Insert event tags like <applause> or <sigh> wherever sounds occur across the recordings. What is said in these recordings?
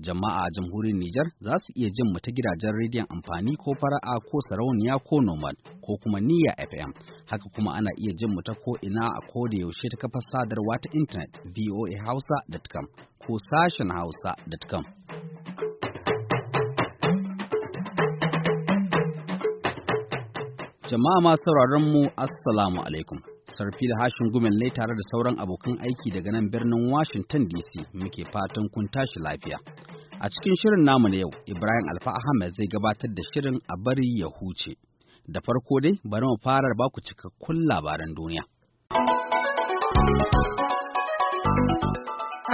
Jama'a a jamhuriyar Nijar za su iya jin mu ta gidajen rediyon amfani ko fara'a ko sarauniya ko nomad ko kuma Niya FM. Haka kuma ana iya jin mu ta ko ina a ko da yaushe ta kafar sadarwa ta intanet voahausa.com ko sashen hausa.com. Jama'a ma sauraron mu Assalamu alaikum. sarfi da hashin gumin ne tare da sauran abokan aiki daga nan birnin Washington DC muke fatan kun tashi lafiya. A cikin shirin namu na yau, Ibrahim Alfa Ahmed zai gabatar da shirin a bari ya huce. Da farko dai, bari mu fara ba ku cikakkun labaran duniya.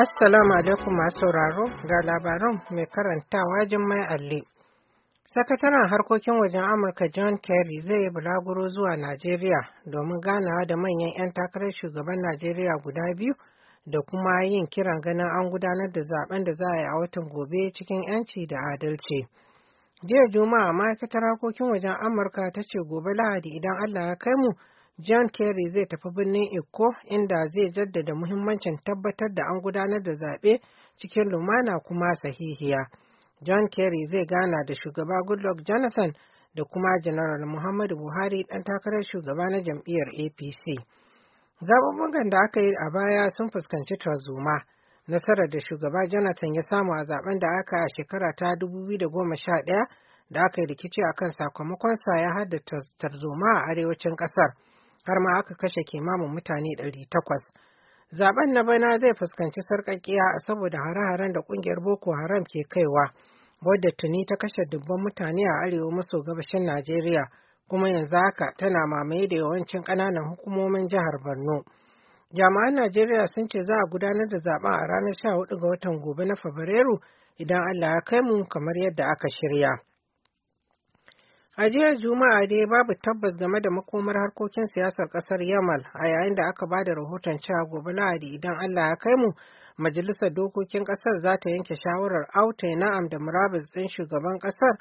Assalamu alaikum masu sauraro ga labaran mai karantawa Jummai Alli. Sakataren harkokin wajen Amurka John Kerry zai yi bulaguro zuwa Najeriya domin ganawa da manyan 'yan takarar shugaban Najeriya guda biyu da kuma yin kiran ganin an gudanar da zaben da za a yi a watan gobe cikin 'yanci da adalci. Jiya Juma'a ma'aikatar harkokin wajen Amurka ta ce gobe Lahadi idan Allah ya kai mu, John Kerry zai tafi birnin Eko inda zai jaddada muhimmancin tabbatar da an gudanar da zaɓe cikin lumana kuma sahihiya. John Kerry zai gana da shugaba Goodluck Jonathan da kuma General Muhammadu Buhari ɗan takarar shugaba na jam'iyyar APC. Zaɓuɓɓukan da aka yi a baya sun fuskanci tarzoma. Nasarar da shugaba Jonathan ya samu a zaben da aka a shekara ta 2011 da aka yi rikici a kan sa ya haddata tarzoma a arewacin ƙasar, har ma aka kashe kimamin mutane 800. Zaben na bana zai fuskanci sarƙaƙiya saboda hare-haren da ƙungiyar Boko Haram ke kaiwa, wadda tuni ta kashe dubban mutane a arewa maso gabashin Najeriya. kuma yanzu haka tana mamaye da yawancin ƙananan hukumomin jihar borno jami'an najeriya sun ce za a gudanar da zaɓen a ranar 14 ga watan gobe na fabrairu idan allah ya kai mu kamar yadda aka shirya a jiya juma'a dai babu tabbas game da makomar harkokin siyasar ƙasar yamal a yayin da aka ba da rahoton cewa gobe lahadi idan allah ya kai mu majalisar dokokin ƙasar za ta yanke shawarar auta na'am da murabus ɗin shugaban ƙasar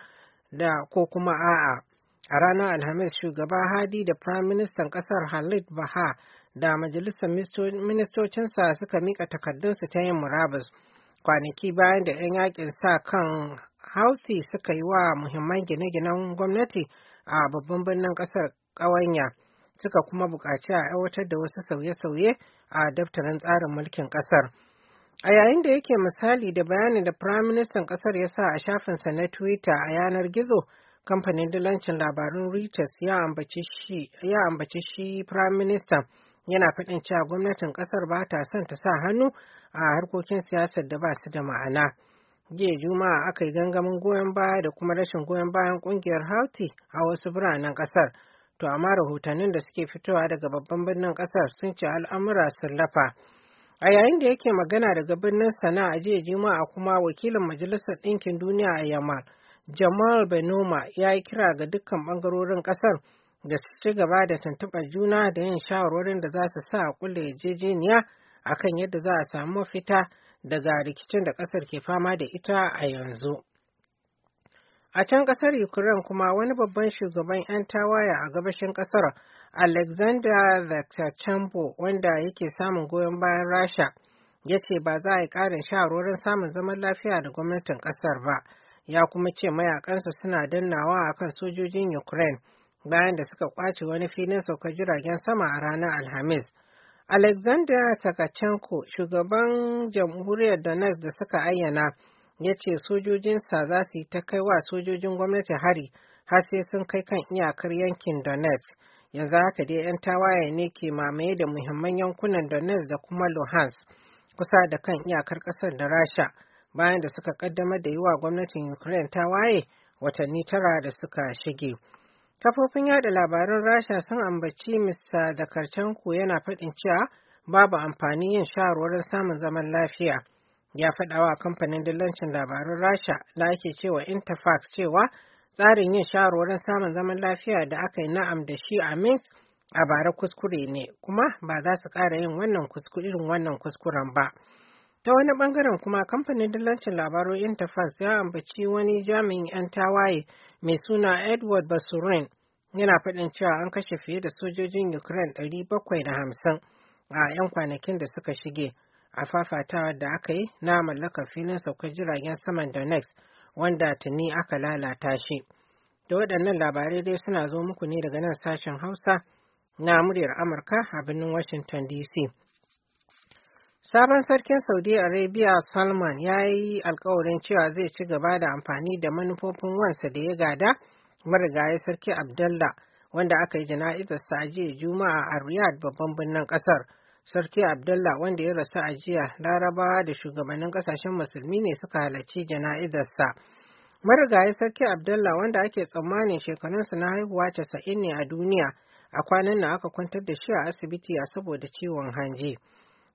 da ko kuma a'a A ranar Alhamis, shugaba Hadi da Firaministan Kasar Khalid Baha da Majalisar Ministocinsa suka mika takardunsu ta yin murabus. Kwanaki bayan da 'yan yakin sa kan Houthi suka yi wa muhimman gine-ginen gwamnati a babban birnin kasar ƙawanya, suka kuma buƙaci a aiwatar da wasu sauye-sauye a daftarin tsarin mulkin ƙasar. A yayin da yake misali da bayanin da Firaministan ƙasar ya sa a shafinsa na Twitter a yanar gizo, kamfanin dilancin labarun reuters ya ambaci shi prime minister yana faɗin cewa gwamnatin ƙasar ba ta son ta sa hannu a harkokin siyasar da ba su da ma'ana jiya juma'a aka yi gangamin goyon baya da kuma rashin goyon bayan ƙungiyar houthi a wasu biranen ƙasar to amma rahotannin da suke fitowa daga babban birnin ƙasar sun ce al'amura sun lafa a yayin da yake magana daga birnin sana'a jiya juma'a kuma wakilin majalisar ɗinkin duniya a yamal Jamal Benoma ya yi kira ga dukkan bangarorin ƙasar da su ci gaba da tuntuɓar juna da yin shawarwarin da za su sa a kulle yarjejeniya kan yadda za a samu mafita daga rikicin da ƙasar ke fama da ita a yanzu. A can ƙasar Ukraine kuma wani babban shugaban 'yan tawaye a gabashin ƙasar Alexander Zakchenko wanda yake samun goyon bayan Rasha ya ce ba za a yi ƙarin shawarwarin samun zaman lafiya da gwamnatin ƙasar ba. ya kuma ce mayakansa suna dannawa a kan sojojin ukraine bayan da suka kwace wani filin saukar jiragen sama a ranar alhamis alexander takachenko shugaban jamhuriyar donetsk da suka ayyana ya ce sojojinsa za su yi ta kai wa sojojin gwamnati hari har sai sun kai kan iyakar yankin donetsk yanzu haka dai 'yan tawaye ne ke mamaye da muhimman yankunan donetsk da kuma luhansk kusa da kan iyakar kasar da rasha bayan da suka kaddamar da yi wa gwamnatin Ukraine ta waye watanni tara da suka shige. Kafofin yada labarun Rasha sun ambaci Mr. Dakarchenko yana faɗin cewa babu amfani yin shawarwarin samun zaman lafiya. Ya faɗawa kamfanin dillancin labarun Rasha da ake cewa Interfax cewa tsarin yin shawarwarin samun zaman lafiya da aka yi na'am da shi a Minsk a bara kuskure ne kuma ba za su ƙara yin irin wannan kuskuren ba. ta wani bangaren kuma kamfanin dillancin labarun interfax ya ambaci wani jami'in 'yan tawaye mai suna edward basurin yana faɗin cewa an kashe fiye da sojojin ukraine hamsin a 'yan kwanakin da suka shige a fafatawa da aka yi na mallakar filin saukar jiragen saman Next, wanda tuni aka lalata shi da waɗannan labarai dai suna zo muku ne daga nan sashen hausa na muryar amurka a birnin washington dc Sabon sarkin Saudi Arabia Salman ya yi alkawarin cewa zai ci gaba da amfani da manufofin wansa da ya gada marigayi sarki Abdullah wanda aka yi jana'izarsa a jiya Juma'a a Riyadh babban birnin kasar. Sarki Abdullah wanda ya rasu a jiya Larabawa da shugabannin kasashen musulmi ne suka halarci jana'izarsa. Marigayi sarki Abdullah wanda ake tsammanin shekarunsa na haihuwa casa'in ne a duniya a kwanan nan aka kwantar da shi a asibiti a saboda ciwon hanji.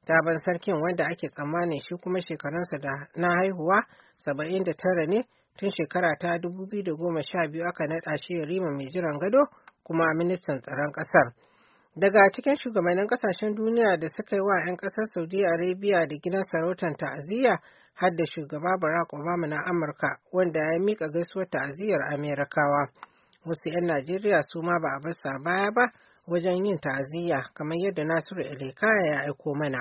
Sabon sarkin wanda ake tsammanin shi kuma shekarunsa da na haihuwa saba'in da tara ne tun shekara ta dubu biyu da goma sha biyu aka naɗa shi yarima mai jiran gado kuma ministan tsaron ƙasar. Daga cikin shugabannin ƙasashen duniya da suka yi wa 'yan ƙasar Saudi Arabia da gidan sarautar ta'aziyya har da shugaba Barack Obama na Amurka wanda ya miƙa gaisuwar ta'aziyyar Amerikawa. Wasu 'yan Najeriya su ma ba a bar baya ba wajen yin ta'aziyya kamar yadda Nasiru Elekaya ya aiko mana.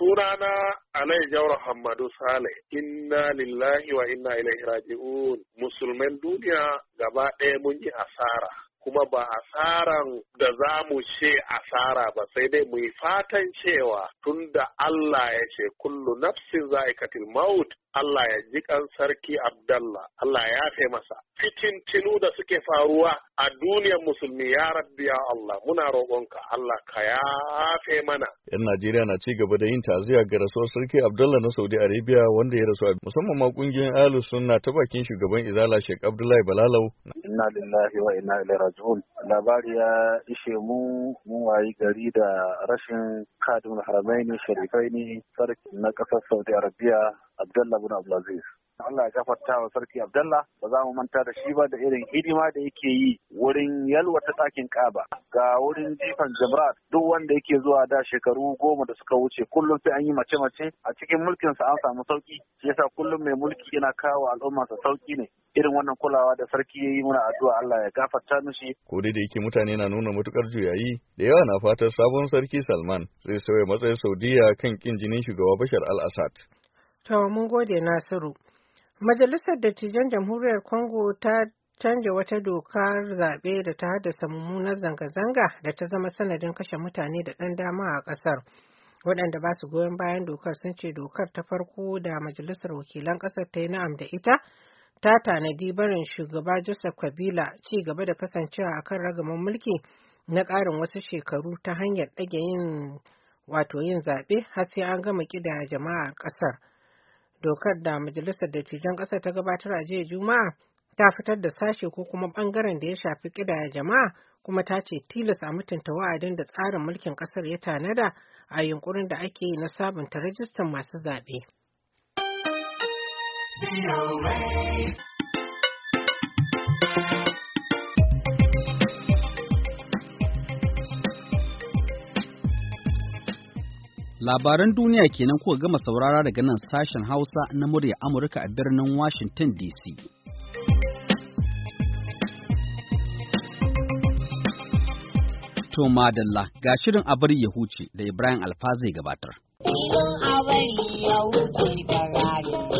sunana alai jawar hamadu sale inna lillahi wa inna ilaihi raji'un musulman duniya gaba ɗaya mun yi asara kuma ba asaran da za mu ce asara ba sai dai mu yi fatan cewa tunda Allah ya ce kullu nafsin za'iqatil maut Allah ya ji kan sarki Abdallah, Allah ya yafe masa. Fitintinu da suke faruwa a duniyar musulmi ya rabbi ya Allah, muna roƙonka Allah ka yafe mana. Yan Najeriya na ci gaba da yin taziya ga rasuwar sarki Abdallah na Saudi Arabia wanda ya rasu musamman ma kungiyar Ahlus Sunna ta bakin shugaban Izala Sheikh Abdullahi Balalau. Inna lillahi wa inna ilaihi raji'un. Labari ya ishe mu mun wayi gari da rashin kadin haramaini sharifai sarki na ƙasar Saudi Arabia Abdullah bin Abdulaziz. Allah ya gafarta wa sarki Abdullah ba za mu manta da shi ba da irin hidima da yake yi wurin yalwata ɗakin Kaba ga wurin jifan Jamrat duk wanda yake zuwa da shekaru goma da suka wuce kullum sai an yi mace-mace a cikin mulkin mulkinsa an samu sauki shi yasa kullum mai mulki yana kawo sa sauki ne irin wannan kulawa da sarki ya yi muna addu'a Allah ya gafarta mishi. Ko dai da yake mutane na nuna matukar juyayi da yawa na fatar sabon sarki Salman zai sauya matsayin Saudiya kan kin jinin shugaba Bashar al-Assad. To mun gode Nasiru. Majalisar Dattijan Jamhuriyar Congo ta canja wata dokar zaɓe da ta haddasa mummunar zanga-zanga da ta zama sanadin kashe mutane da ɗan dama a ƙasar. Waɗanda ba su goyon bayan dokar sun ce dokar ta farko da Majalisar Wakilan ƙasar ta yi na'am da ita ta tanadi barin shugaba Joseph Kabila ci gaba da kasancewa a kan ragaman mulki na ƙarin wasu shekaru ta hanyar ɗage yin wato yin zaɓe har sai an gama ƙida jama'a a ƙasar. dokar da majalisar dattijan ƙasa ta gabatar a jiya juma'a ta fitar da sashe ko kuma ɓangaren da ya shafi ƙidaya jama'a kuma ta ce tilas a mutunta wa'adin da tsarin mulkin ƙasar ya tanada a yunkurin da ake yi na sabunta rajistan masu zaɓe. Thank you. Labaran duniya kenan kuka gama saurara daga nan sashen Hausa na murya Amurka a birnin Washington DC. To madalla ga shirin a bari ya huce da Ibrahim Alfa zai gabatar. Shirin a bari ya huce da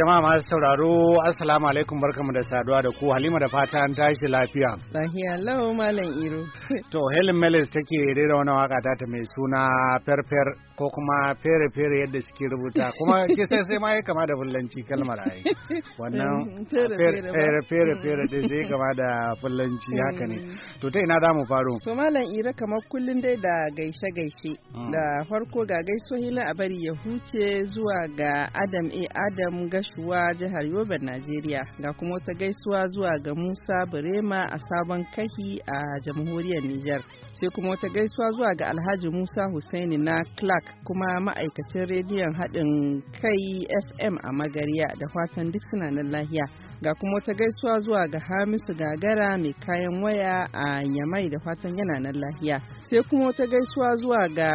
jama'a masu sauraro assalamu alaikum barkamu da saduwa da ku halima da fata an tashi lafiya lafiya lau malam iro <laughs> to helen melis take rera wani waka ta ta mai suna ferfer ko kuma fere fere yadda suke rubuta kuma ke sai ma ya kama da fulanci kalmar ai wannan fere fere da zai kama da fulanci haka ne to ta ina zamu faro to malam iro kamar kullun dai da gaishe gaishe mm. da farko ga gaisohi na a bari ya huce zuwa ga adam a adam gash gaisuwa jihar Yobe, Najeriya. Ga kuma wata gaisuwa zuwa ga Musa Burema a Sabon Kahi a Jamhuriyar Nijar. Sai kuma wata gaisuwa zuwa ga Alhaji Musa Hussaini na Clark kuma ma'aikacin rediyon haɗin kai FM a Magariya da fatan duk suna nan lahiya. Ga kuma wata gaisuwa zuwa ga Hamisu Gagara mai kayan waya a Yamai da fatan yana nan lahiya. sai kuma wata gaisuwa zuwa ga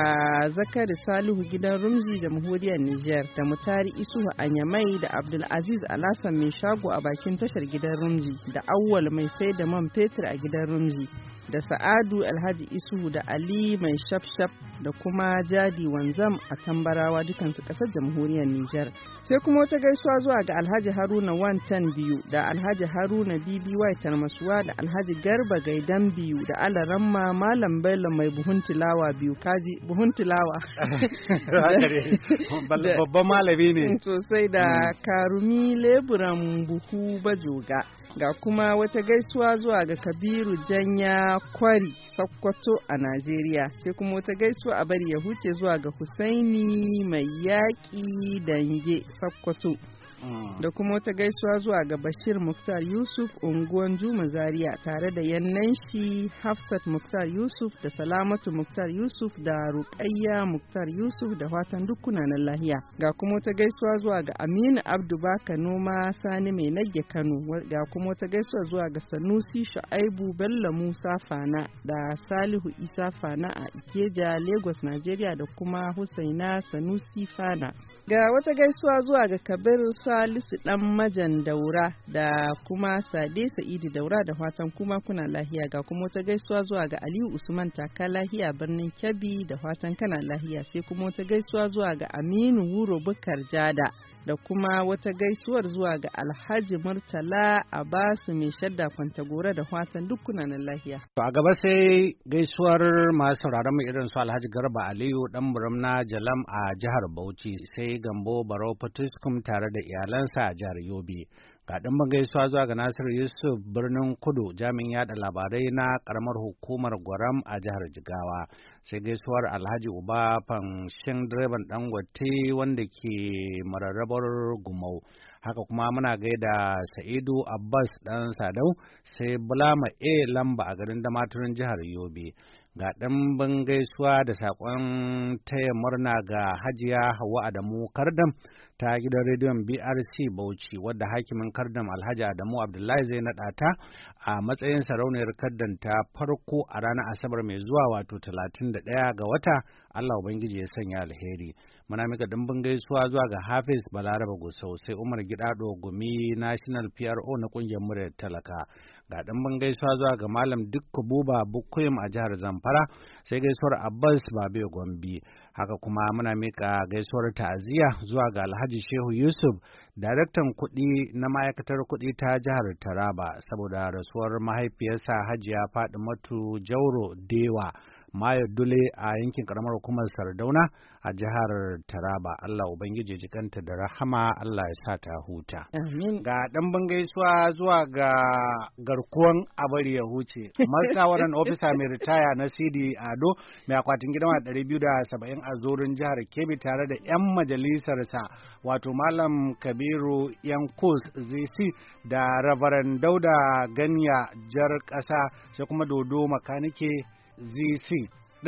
zakari salihu gidan rumzi jamhuriyar niger da mutari isuhu anyamai da abdulaziz alasan mai shago a bakin tashar gidan rumzi da awwal mai sai da man fetur a gidan rumzi da sa'adu alhaji isuhu da ali mai shafshaf da kuma jadi wanzam a tambarawa dukansu kasar jamhuriyar niger sai kuma wata gaisuwa zuwa ga alhaji haruna wantan biyu da alhaji haruna bby tarmasuwa da alhaji garba gaidan biyu da alaramma malam bello mai mai buhun tilawa biyu kaji buhun tilawa <laughs> babban malami ne sosai da mm. karumi leburan buhu bajoga ga kuma wata gaisuwa zuwa ga kabiru janya kwari sakkwato a najeriya sai kuma wata gaisuwa a bari ya huce zuwa ga husaini mai yaƙi dange sakkwato Mm. da kuma wata gaisuwa zuwa ga Bashir Muktar Yusuf unguwan Juma Zaria tare da yannan shi Hafsat Muktar Yusuf da Salamatu Muktar Yusuf da ruƙayya Muktar Yusuf da fatan dukkuna na lahiya. Ga kuma wata gaisuwa zuwa ga Aminu Abdu Baka Noma Sani Mai Nage Kano ga kuma wata gaisuwa zuwa ga Sanusi Shu'aibu Bello Musa Fana da Salihu Isa Fana a Ikeja Lagos Nigeria da kuma Husaina Sanusi Fana. Ga wata gaisuwa zuwa ga Kabir Salisu ɗan majan daura da kuma Sade Sa'idu daura da fatan kuma kuna lahiya ga kuma wata gaisuwa zuwa ga Aliyu Usman taka lahiya birnin Kebbi da fatan kana lahiya sai kuma wata gaisuwa zuwa ga Aminu Wuro Bukar Jada da kuma wata gaisuwar zuwa ga alhaji murtala a basu mai shadda gora da fatan dukkanin lahiya. To a gaba sai gaisuwar masu sauraron mu irin su alhaji garba aliyu dan muramna jalam a jihar bauchi sai gambo Baro patiskum tare da iyalansa a jihar yobe. Ga ɗan gaisuwa zuwa ga Nasiru Yusuf birnin Kudu jami'in yada labarai na karamar hukumar Gwaram a jihar Jigawa. sai gaisuwar alhaji uba fanshin direban dangote wanda ke mararrabar gumau haka kuma muna gaida sa'idu abbas dan sadau sai bulama a lamba a garin damaturin jihar yobe ga ɗimbin gaisuwa da saƙon taya murna ga hajiya hawa adamu kardam ta gidan rediyon BRC Bauchi wadda hakimin Kardam Alhaji Adamu Abdullahi zai naɗa ta a matsayin sarauniyar kardan ta farko a ranar Asabar mai zuwa wato 31 ga wata Allah Ubangiji ya sanya alheri. Muna mika dimbin gaisuwa zuwa ga Hafiz Balaraba Gusau sai Umar Gidado Gumi National PRO na kungiyar muryar talaka. Ga dimbin gaisuwa zuwa ga Malam Dukku Buba Bukuyim a jihar Zamfara sai gaisuwar Abbas Babe Gombe. Haka kuma muna mika gaisuwar ta'aziyya zuwa ga Alhaji Shehu Yusuf, daraktan kuɗi na ma'aikatar kuɗi ta jihar Taraba saboda rasuwar mahaifiyarsa Hajiya matu Jauro Dewa. Mayar Dule a yankin karamar hukumar Sardauna a jihar Taraba. Allah Ubangiji jikanta da rahama Allah ya sa ta huta. Ga ɗan bangaisuwa zuwa ga garkuwan abari ya huce. Martawaran <laughs> ofisa mai ritaya na CD Ado mai akwatin gidan ɗari biyu da saba'in a zorin jihar Kebbi tare da 'yan majalisarsa wato Malam Kabiru Yankus ZC da Rabaran Dauda Ganya jar ƙasa sai kuma Dodo Makanike ZC.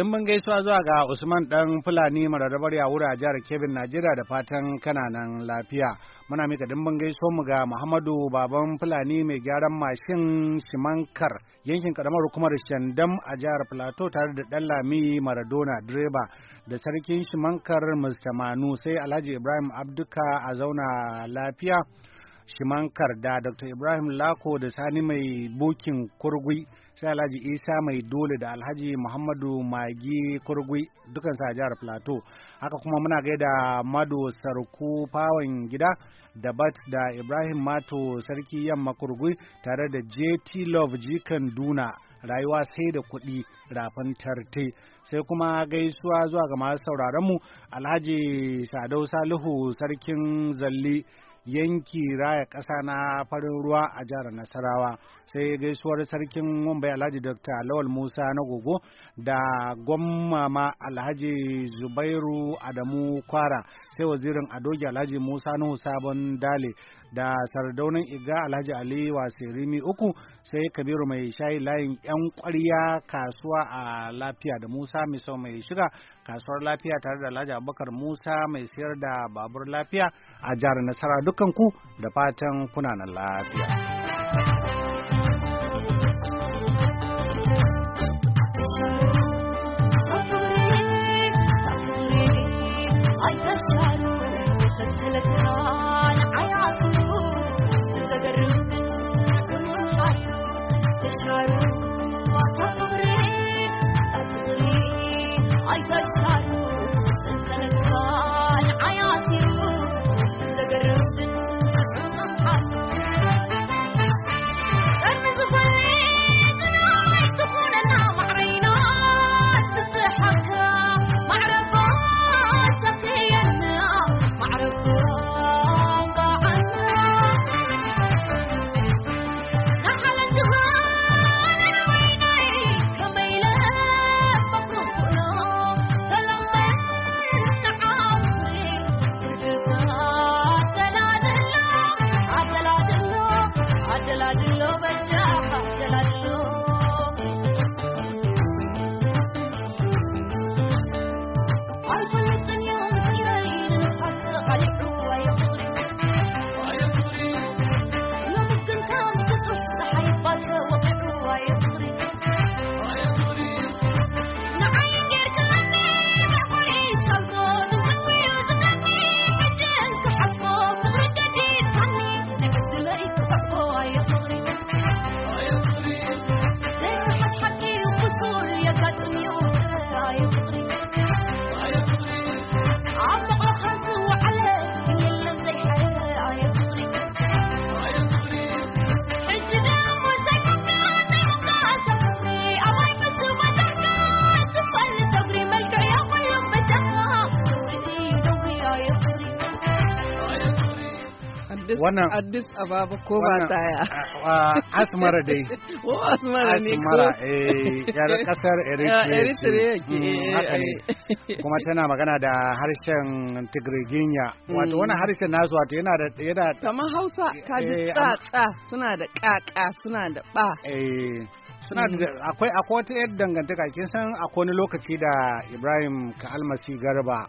mun gaisuwa zuwa ga Usman ɗan Fulani mararrabar yawura jihar Kebbi Najeriya da fatan kananan lafiya. Muna mika dimbin gaisuwar mu ga Muhammadu Baban Fulani mai gyaran mashin Shimankar yankin karamar hukumar Shandam a jihar Plateau tare da lami Maradona direba da sarkin Shimankar Mr. Manu sai Alhaji Ibrahim Abduka a zauna lafiya. Shimankar da Dr. Ibrahim Lako da Sani mai bukin kurgui sai alhaji isa mai dole da alhaji muhammadu magi kurgui dukkan sa jihar plateau haka kuma muna gaida mado sarku fawon gida da bat da ibrahim mato sarki yamma kurgui tare da jt love jikan duna rayuwa sai da kuɗi rafin tarte sai kuma gaisuwa zuwa ga masu sauraronmu alhaji sadau salihu sarkin zalli yanki raya ƙasa na farin ruwa a jihar Nasarawa sai gaisuwar sarkin Mumbai Alhaji Dr. Lawal Musa na Gogo da gwamma Alhaji Zubairu Adamu Kwara sai wazirin Adoji Alhaji Musa Nuhu Sabon Dale da sardaunan iga alhaji ali wasirimi uku sai kabiru mai shayi layin yan kwarya kasuwa a lafiya da musa miso mai shiga kasuwar lafiya tare da alhaji abubakar musa mai sayar da babur lafiya a jihar nasara dukanku da fatan kuna lafiya. wannan Addis Ababa ko ba taya <laughs> Asmara dai ko Asmara ne ko Asmara eh yar <laughs> kasar Eritrea ke mm, eh, eh. kuma tana magana da harshen Tigriginya wato mm. wannan harshen nasu wato yana da yana kamar Hausa eh, kaji ji tsatsa suna da kaka suna da ba eh suna mm. akwai akwai wata yadda dangantaka kin san akwai wani lokaci da Ibrahim Ka Almasi Garba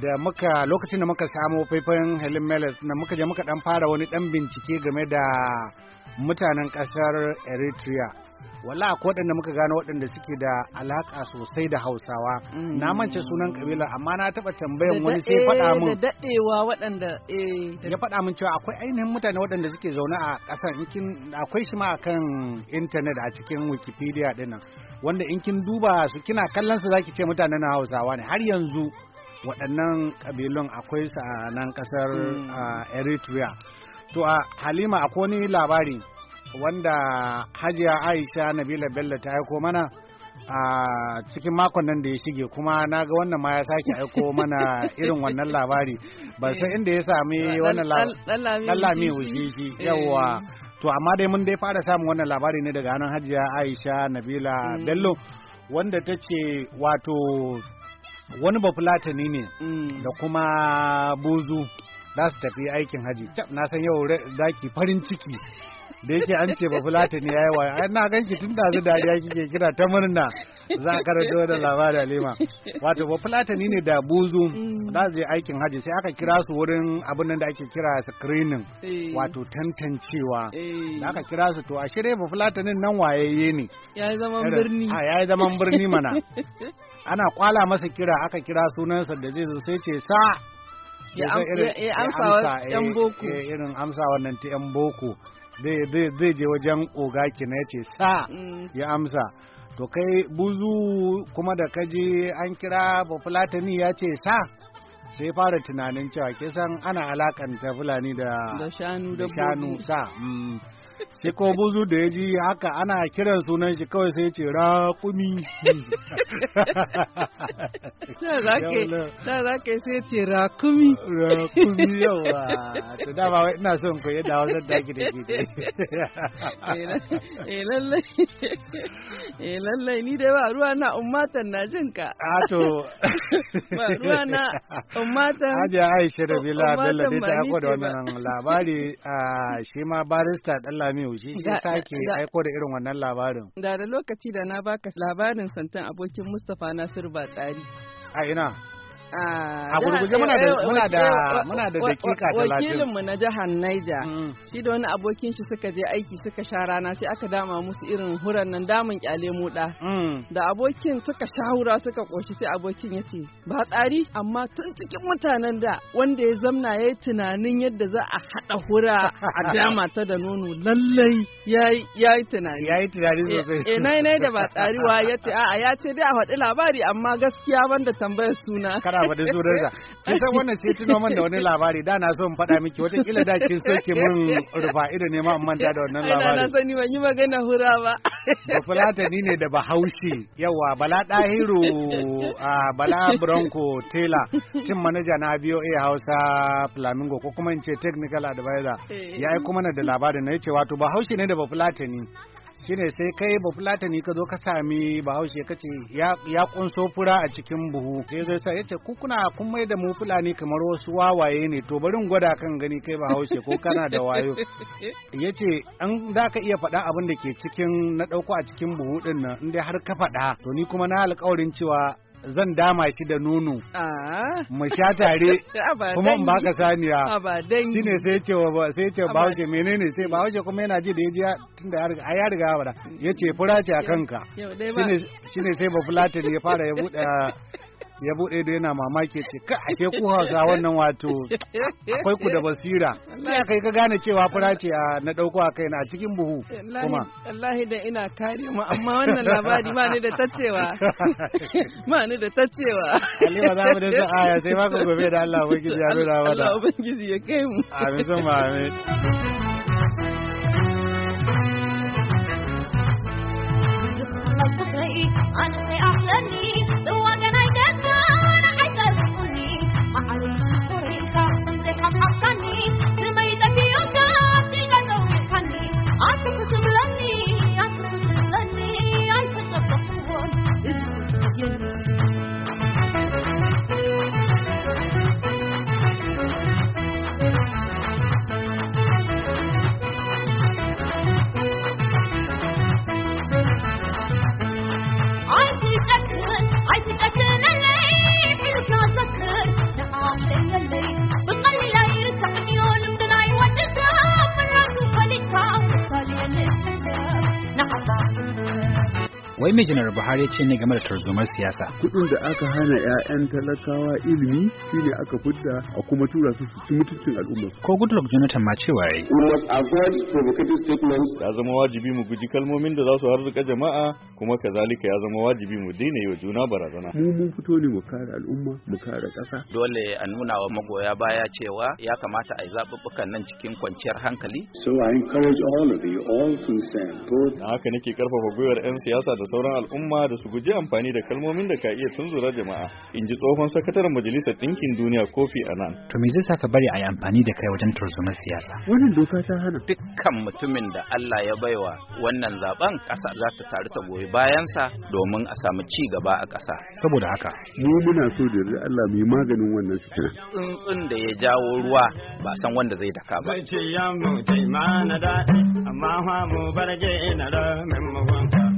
da muka lokacin da muka samo faifan Helen Meles na muka je muka dan fara wani dan bincike game da mutanen kasar Eritrea. Wala ko waɗanda muka gano waɗanda suke da alaƙa sosai da Hausawa. Na mm. mance sunan kabila amma na taɓa tambayan wani sai faɗa mun Da daɗewa waɗanda eh, Ya faɗa mun cewa akwai ainihin mutane waɗanda suke zaune a ƙasar akwai shi ma akan intanet a cikin Wikipedia dinnan Wanda in kin duba su kina kallon su zaki ce mutanen Hausawa ne har yanzu. waɗannan ƙabilun akwai su a nan ƙasar hmm. eritrea to a halima akwai wani labari wanda hajiya aisha nabila bello ta aiko mana a cikin makon nan da ya shige kuma na ga wannan ma ya sake aiko mana <laughs> irin wannan labari ba san inda ya sami eh. wannan lallami wujiji yawa to amma dai mun dai fara samun wannan labari ne daga hannun hajiya aisha nabila hmm. bello wanda ta ce wato wani bafulatani ne mm. da kuma bozu za su tafi aikin haji na san yau ke farin ciki da yake an ce bafulatani ya yi wa na ganki tun da zu dariya kike kira ta murna za a karanto da labarin lima wato ba fulatani ne da buzu mm. za su je aikin haji sai aka kira su wurin abin da ake kira screening eh. wato tantancewa eh. da aka kira su to a shirye ba fulatanin nan wayayye ne ya yi zaman birni mana <laughs> ana kwala masa kira aka kira sunansa da zai zo sai ce sa ya amsa eh, boko eh, irin amsa wannan ta yan boko zai je wajen oga kina ya ce sa mm. ya amsa to kai buzu kuma da kaji an kira bafulatani ya ce sa sai fara tunanin cewa kisan ana alakanta fulani da shanu sa mm. sai ko buzu da ya ji haka ana kiran sunan shi kawai sai ce raƙumi ta za ka sai ce raƙumi raƙumi yawa ta dama wai ina son ku yadda wasan daki da ke eh, eh lallai eh, lallai ni dai ba ruwa na ummatan na jin ka a to ba ruwa na ummatan hajiya aisha da bila bello dai ta yako da wannan labari ah, shi ma barista ɗalla Samiu shi ya sake aiko da irin wannan labarin. Da da lokaci da na baka labarin santan abokin Mustapha Nasiru Batsari. A ina. Ah, a gurguje muna da eh, eh, muna da eh, dakika talatin wakilin mu na jihar Naija mm. shi da wani abokin shi suka je aiki suka sha rana sai aka dama musu irin huran nan damun kyale mu da mm. abokin suka sha hura suka koshi sai abokin ya ce ba tsari amma tun cikin mutanen da wanda ya zamna yayi tunanin yadda za a hada hura a dama ta da nono lallai yayi tunani yayi tunani sosai eh nai nai da ba tsariwa yace a'a ya ce dai a faɗi labari amma gaskiya banda tambayar suna a faɗi sunansa Ki san wannan sai tuno man da wani labari da na son faɗa miki wata kila da kin ki min rufa ido ne ma amma da wannan labari na sani ban yi magana hura ba ba ni ne da bahaushe yawa bala dahiru a bala bronco taylor cin manaja na BOA Hausa Flamingo ko kuma in ce technical advisor eh. ya kuma na da labarin na ya ce wato bahaushe ne da ba ni. shine sai kai ba fulatani ka zo ka sami bahaushe ka ce ya kunso fura a cikin buhu sai zai sa yace ku kuna kun mai da mu fulani kamar wasu wawaye ne to barin gwada kan gani kai bahaushe ko kana da wayo <laughs> yace an za ka iya faɗa abin da ke cikin na ɗauko a cikin buhu ɗin nan in dai har ka faɗa to ni kuma na alƙawarin cewa zan dama ki da nono ah. mu sha tare <laughs> kuma in baka saniya ah, shi ne sai ce wa sai ce wuce ah, menene sai ba wuce kuma yana ji da ya ji tunda ya riga ya fara ya ce fura ce a kanka shi ne sai ba fulatin ya fara ya buɗe <laughs> ya bude da yana mamaki ce ka ake ku hausa wannan wato akwai ku da basira ya kai ka gane cewa fura ce a na dauko a kaina a cikin buhu kuma wallahi da ina kare mu amma wannan labari ma ni da tacewa ma <laughs> ni da tacewa Ali ba za mu da aya sai ba ku gobe da Allah ubangiji ya nuna da Allah ubangiji ya kai mu amin sun amin I'm the أحلامي mai janar buhari ce ne game da tarzomar siyasa kudin da aka hana 'ya'yan talakawa ilimi shine aka fidda a kuma tura su su mutuncin al'umma ko goodluck jonathan ma cewa yayi ya zama wajibi mu guji kalmomin da za su harzuka jama'a kuma kazalika ya zama wajibi mu daina yi wa juna barazana mu mun fito ne mu kare al'umma mu kare ƙasa dole a nuna wa magoya baya cewa ya kamata a yi zaɓuɓɓukan nan cikin kwanciyar hankali so i encourage all of you all to stand haka nake karfafa gwiwar 'yan siyasa da sauran sauran al'umma da su guji amfani da kalmomin da ka iya tunzura jama'a in ji tsohon sakataren majalisar ɗinkin duniya kofi nan. to me zai saka bari a yi amfani da kai wajen turzumar siyasa wannan doka ta hana dukkan mutumin da Allah ya baiwa wannan zaben ƙasa za ta taru ta goyi bayansa domin a samu ci gaba a ƙasa saboda haka mu muna so da Allah mu yi maganin wannan fitina tsuntsun da ya jawo ruwa ba san wanda zai daka ba zai mu yamu ce ma na daɗi amma mu barge na min mu wanka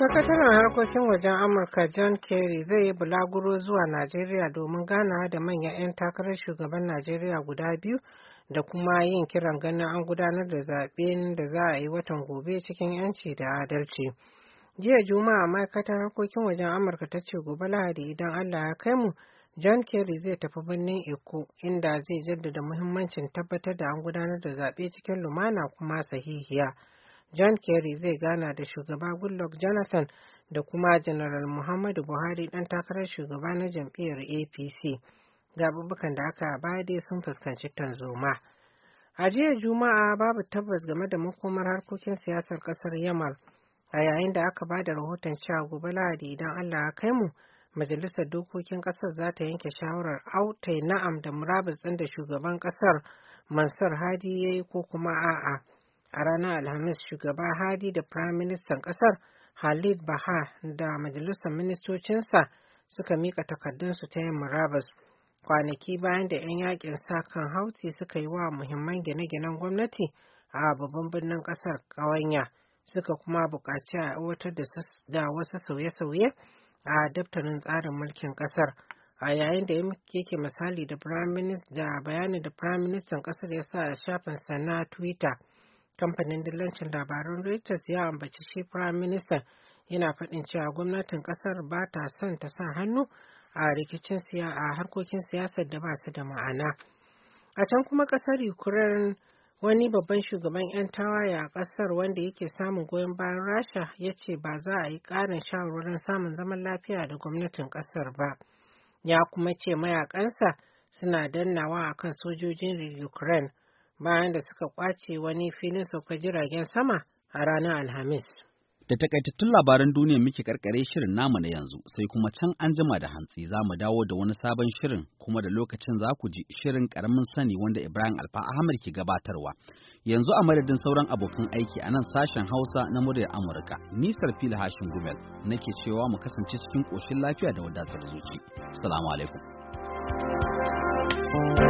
sakataren harkokin wajen amurka john kerry zai yi bulaguro zuwa najeriya domin ganawa da manyan 'yan takarar shugaban najeriya guda biyu da kuma yin kiran ganin an gudanar da zaɓen da za a yi watan gobe cikin 'yanci da adalci jiya juma'a ma'aikatar harkokin wajen amurka ta ce gobe lahadi idan allah ya kai mu john kerry zai tafi birnin eko inda zai jaddada muhimmancin tabbatar da an gudanar da zaɓe cikin lumana kuma sahihiya. john kerry zai gana da shugaba goodluck jonathan da kuma general muhammadu buhari ɗan takarar shugaba na jam'iyyar apc gabubukan da aka bade sun fuskanci tanzoma a jiya juma'a babu tabbas game da makomar harkokin siyasar kasar yamal a yayin da aka ba da rahoton cewa gobe lahadi idan allah ya kai mu majalisar dokokin kasar za ta yanke shawarar autai na'am da murabus da shugaban kasar mansur hadi ya yi ko kuma a'a. a ranar alhamis shugaba hadi da prime minister kasar Khalid Baha da majalisar ministocinsa suka mika takardunsu ta yin murabus kwanaki bayan da 'yan yakin sa kan hauti suka yi wa muhimman gine-ginen gwamnati a babban birnin kasar ƙawanya suka kuma buƙaci a aiwatar da wasu sauye-sauye a daftarin tsarin mulkin kasar a yayin da yake misali da bayanin da firaministan kasar ya sa a shafinsa na twitter Kamfanin dillancin labarun Reuters ya ambaci shi Prime Minister yana faɗin cewa gwamnatin ƙasar ba ta son ta sa hannu a rikicin a harkokin siyasar da ba su da ma'ana. A can kuma ƙasar Ukraine wani babban shugaban 'yan tawaye a ƙasar wanda yake samun goyon bayan Rasha ya ce ba za a yi ƙarin shawarwarin samun zaman lafiya da gwamnatin ƙasar ba. Ya kuma ce mayakansa suna dannawa akan kan sojojin Ukraine bayan da suka kwace wani filin sauka jiragen sama a ranar Alhamis. Da takaitattun labaran duniya muke karkare shirin namu na yanzu sai kuma can an jima da hantsi za mu dawo da wani sabon shirin kuma da lokacin za ku ji shirin karamin sani wanda Ibrahim Alfa Ahmad ke gabatarwa. Yanzu a madadin sauran abokan aiki a nan sashen Hausa na muryar Amurka, nisar fili hashin gumel nake cewa mu kasance cikin ƙoshin lafiya da wadatar zuci. Salamu alaikum. thank you